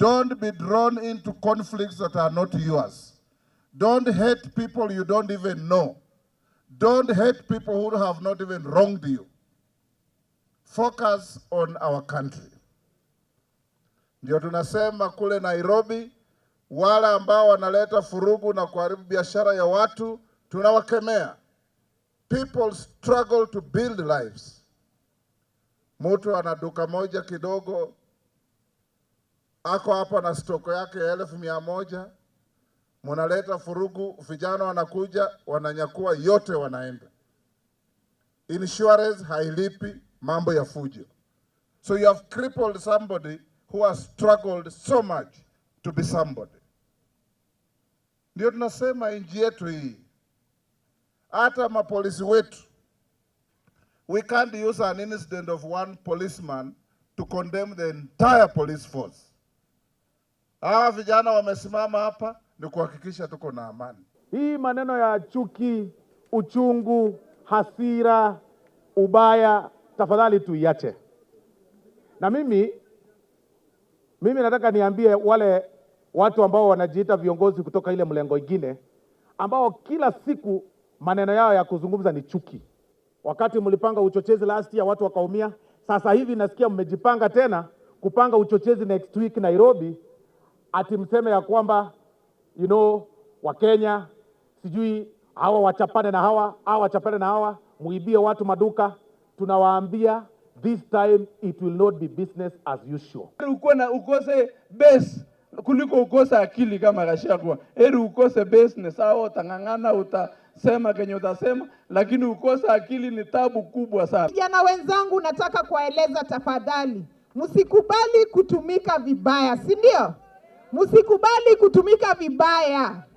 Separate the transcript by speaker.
Speaker 1: Don't be drawn into conflicts that are not yours. Don't hate people you don't even know. Don't hate people who have not even wronged you. Focus on our country. Ndio tunasema kule Nairobi, wale ambao wanaleta furugu na kuharibu biashara ya watu tunawakemea. People struggle to build lives. Mtu ana duka moja kidogo ako hapa na stoko yake ya elfu mia moja munaleta furugu, vijana wanakuja wananyakua yote, wanaenda insurance hailipi, mambo ya fujo. So you have crippled somebody who has struggled so much to be somebody. Ndio tunasema nchi yetu hii, hata mapolisi wetu, we can't use an incident of one policeman to condemn the entire police force hawa vijana wamesimama hapa ni kuhakikisha tuko na amani.
Speaker 2: Hii maneno ya chuki, uchungu, hasira, ubaya, tafadhali tuiache. Na mimi mimi nataka niambie wale watu ambao wanajiita viongozi kutoka ile mlengo ingine ambao kila siku maneno yao ya kuzungumza ni chuki. Wakati mlipanga uchochezi last year watu wakaumia, sasa hivi nasikia mmejipanga tena kupanga uchochezi next week Nairobi ati mseme ya kwamba you know, Wakenya sijui hawa wachapane na hawa hawa wachapane na hawa, muibie watu maduka. Tunawaambia this time it will not be business as usual.
Speaker 3: Uko na ukose base kuliko ukose akili kama Gachagua. Heri ukose base, ni sawa, utang'ang'ana, utasema kenye utasema, lakini ukosa akili ni tabu kubwa sana.
Speaker 4: Vijana wenzangu, nataka kuwaeleza tafadhali, msikubali kutumika vibaya, si ndio? Msikubali kutumika vibaya.